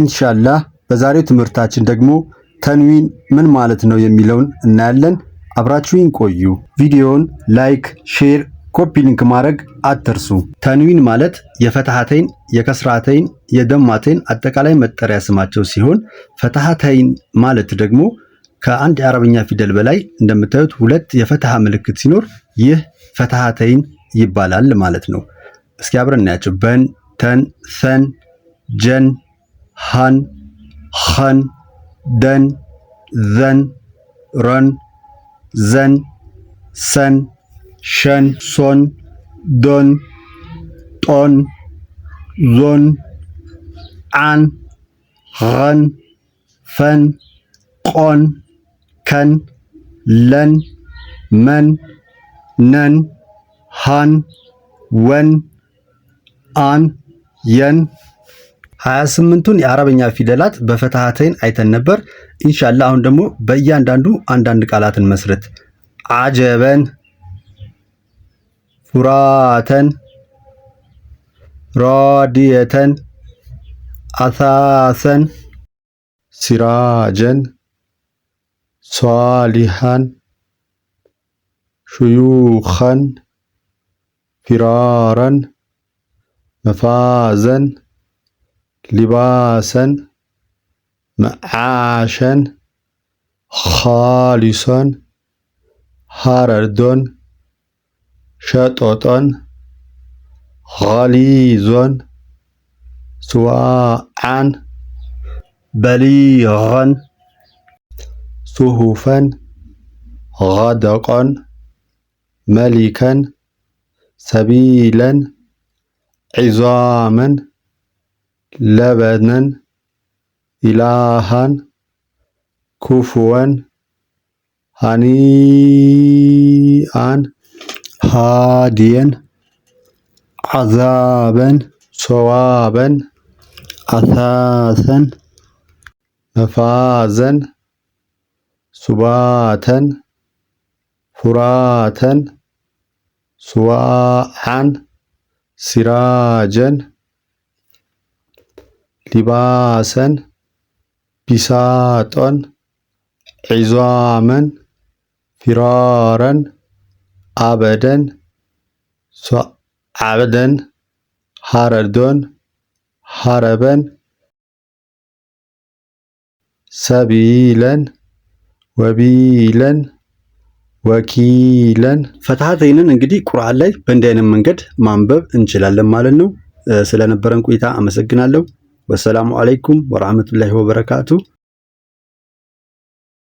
ኢንሻላህ በዛሬው ትምህርታችን ደግሞ ተንዊን ምን ማለት ነው የሚለውን እናያለን። አብራችሁን ቆዩ። ቪዲዮውን ላይክ፣ ሼር፣ ኮፒ ሊንክ ማድረግ አትርሱ። ተንዊን ማለት የፈትሐተይን የከስራተይን የደማተይን አጠቃላይ መጠሪያ ስማቸው ሲሆን ፈትሐተይን ማለት ደግሞ ከአንድ የአረብኛ ፊደል በላይ እንደምታዩት ሁለት የፈትሐ ምልክት ሲኖር ይህ ፈትሐተይን ይባላል ማለት ነው። እስኪ አብረን እናያቸው። በን፣ ተን፣ ሰን፣ ጀን هن خن دن ذن رن زن سن شن سن دن طن ذن عن غن فن قن كن لن من نن هن ون آن ين ሀያ ስምንቱን የአረበኛ ፊደላት በፈትሐተይን አይተን ነበር። ኢንሻላ አሁን ደግሞ በእያንዳንዱ አንዳንድ ቃላትን መስረት። አጀበን፣ ፉራተን፣ ራዲየተን፣ አሳሰን፣ ሲራጀን፣ ሷሊሃን፣ ሹዩኸን፣ ፊራረን፣ መፋዘን لباسا معاشا خالصا هارد شططا غليظ سواعا بليغا صهفا غدقا ملكا سبيلا عظاما ለበነን ኢላሃን ኩፍወን ሃኒአን ሃዲየን ዓዛበን ሶዋበን አሳሰን መፋዘን ሱባተን ፉራተን ሱዋአን ሲራጀን ሊባሰን ቢሳጦን ዒዟመን ፊራረን አበደን ዓበደን ሃረዶን ሃረበን ሰቢለን ወቢለን ወኪለን ፈትሐተይንን እንግዲህ ቁርአን ላይ በእንዲህ አይነት መንገድ ማንበብ እንችላለን ማለት ነው። ስለነበረን ቆይታ አመሰግናለሁ። ወሰላሙ አለይኩም ወራህመቱላሂ ወበረካቱ።